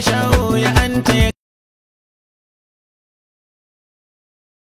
special.